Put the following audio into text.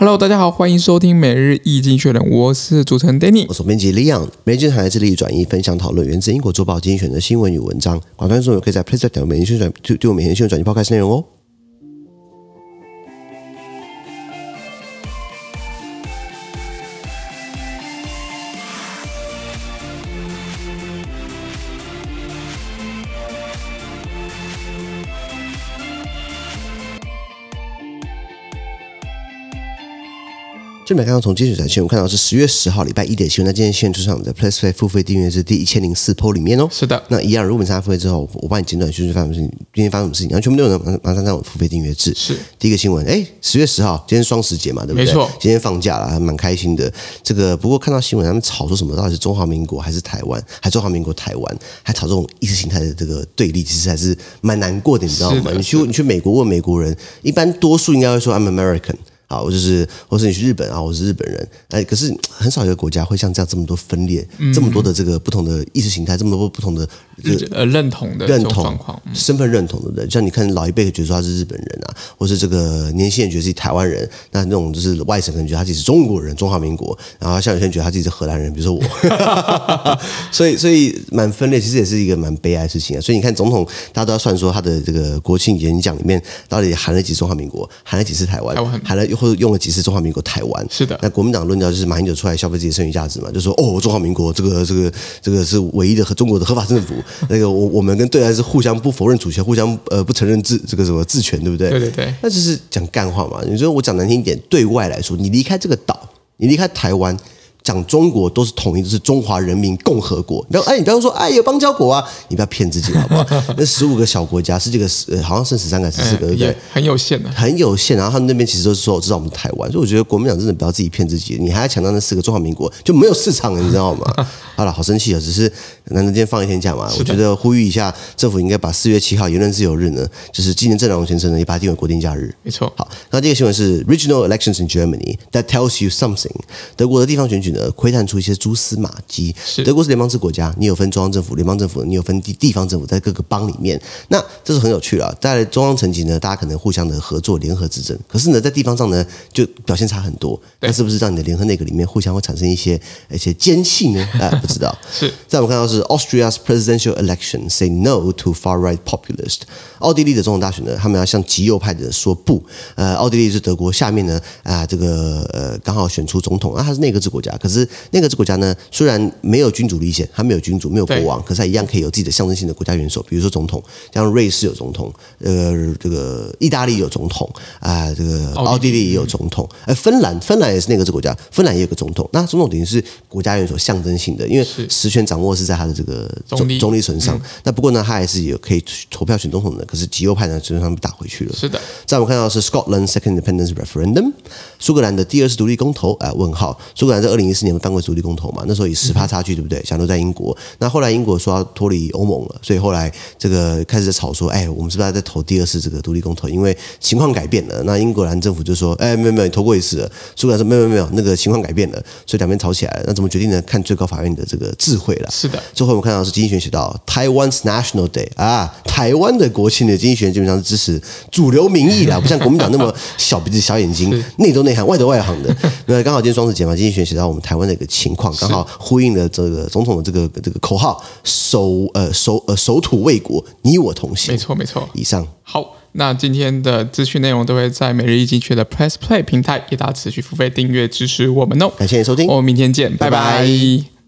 Hello，大家好，歡迎收聽每日一經濟學人，我是主持人 Danny，我是編輯 Leon 每日經在這裡轉移分享討論源自英國《週報》精心選擇新聞與文章，廣大聽眾朋友可以在 PressPlay 點每日新聞轉對對每日新聞轉播開始內容哦。這邊剛剛從精選資訊，我看到是十月十號禮拜一的新聞。那今天獻出上的 PressPlay 付費訂閱制第一千零四 PO 裡面哦。是的。那一樣，如果你參加付費之後，我幫你簡短敘述發生今天發生什麼事情，然後全部都有人馬上我付費訂閱制。是第一個新聞。哎，十月十號，今天雙十節嘛，對不對？沒錯。今天放假了，還蠻開心的。這個不過看到新聞，他們吵說什麼？到底是中華民國還是台灣？還是中華民國台灣？還吵這種意識形態的這個對立，其實還是蠻難過的，你知道嗎？是是你去你去美國問美國人，一般多數應該會說 I'm American。啊，我就是，或是你去日本啊，我是日本人。哎，可是很少一個國家會像這樣這麼多分裂，嗯、這麼多的這個不同的意識形態，這麼多不同的呃、這個、認同的認同狀況、嗯，身份認同的，對不對。像你看老一輩子覺得他是日本人啊，或是這個年輕人覺得自己台灣人，那那種就是外省人覺得他自己是中國人，中華民國。然後像有些人覺得他自己是荷蘭人，比如說我， 所以所以蠻分裂，其實也是一個蠻悲哀的事情。啊。所以你看總統，大家都要算說他的這個國慶演講裡面到底含了幾次中華民國，含了幾次台灣，台含了或者用了幾次中華民國台灣？是的，那國民黨論調就是馬英九出來消費自己剩餘價值嘛，就說哦，中華民國這個這個這個是唯一的和中國的合法政府。 那個我我們跟對岸是互相不否認主權，互相呃不承認治這個什麼治權，對不對？對對對。那就是講幹話嘛。你說我講難聽一點，對外來說，你離開這個島，你離開台灣。講中國都是統一，的、就是中華人民共和國。然後哎，你不要說哎，有邦交國啊，你不要騙自己好不好？那十五個小國家是這個、呃、好像剩十三還是四個，而已、哎。對，對？很有限的、啊，很有限。然後他們那邊其實都是說我知道我們台灣，所以我覺得國民黨真的不要自己騙自己，你還要強調那四個中華民國就沒有市場了，你知道嗎？好了，好生氣了、喔，只是難得今天放一天假嘛。我覺得呼籲一下，政府應該把四月七號言論自由日呢，就是紀念鄭南榕先生呢，也把它定為國定假日。沒錯。好，那這個新聞是 Regional Elections in Germany that tells you something。德國的地方選舉呢？呃，窺探出一些蛛絲馬跡。德國是聯邦制國家，你有分中央政府、聯邦政府，你有分地地方政府，在各個邦裡面。那這是很有趣啊。在中央層級呢，大家可能互相的合作、聯合執政。可是呢，在地方上呢，就表現差很多。那是不是讓你的聯合內閣裡面互相會產生一些一些間隙呢？ 呃，不知道。是，在我們看到是，是 Austria's presidential election say no to far right populist 奧地利的總統大選呢，他們要向極右派的人說不。呃，奧地利是德國下面呢啊、呃，這個呃剛好選出總統啊，他是內閣制國家。可是那個這國家呢，雖然沒有君主立憲，它沒有君主，沒有國王，可是它一樣可以有自己的象徵性的國家元首，比如說總統，像瑞士有總統，呃，這個意大利有總統啊、呃，這個奧地利也有總統，哎，嗯、而芬蘭，芬蘭也是那個這國家，芬蘭也有個總統，那總統等於是國家元首象徵性的，因為實權掌握是在他的這個總理總理身上。那、嗯、不過呢，他還是有可以投票選總統的，可是極右派的身上被打回去了。是的，在我們看到是 Scotland Second Independence Referendum，蘇格蘭的第二次獨立公投啊、呃？問號？蘇格蘭在二零。是你們當過獨立公投嘛？那時候以十趴差距，對不對？想留在英國。那後來英國說要脫離歐盟了，所以後來這個開始在吵說：哎、欸，我們是不是要再投第二次這個獨立公投？因為情況改變了。那英格蘭政府就說：哎、欸，沒有沒有，你投過一次了。蘇格蘭說：沒有沒有，沒有那個情況改變了。所以兩邊吵起來了。那怎麼決定呢？看最高法院的這個智慧了。是的。最後我們看到是經濟學寫到台灣 National Day 啊，台灣的國慶的經濟學院基本上是支持主流民意啦，不像國民黨那麼小鼻子小眼睛，內 鬥內行，外鬥外行的。那剛好今天雙十節嘛，經濟學寫到我們。台灣的一個情況，剛好呼應了這個總統的這個這個口號“守呃守呃守土衛國，你我同行”，沒錯。沒錯沒錯。以上好，那今天的資訊內容都會在每日一經濟學人的 Press Play 平台，給大家持續付費訂閱支持我們哦。感謝你收聽，我們明天見，拜拜。拜拜。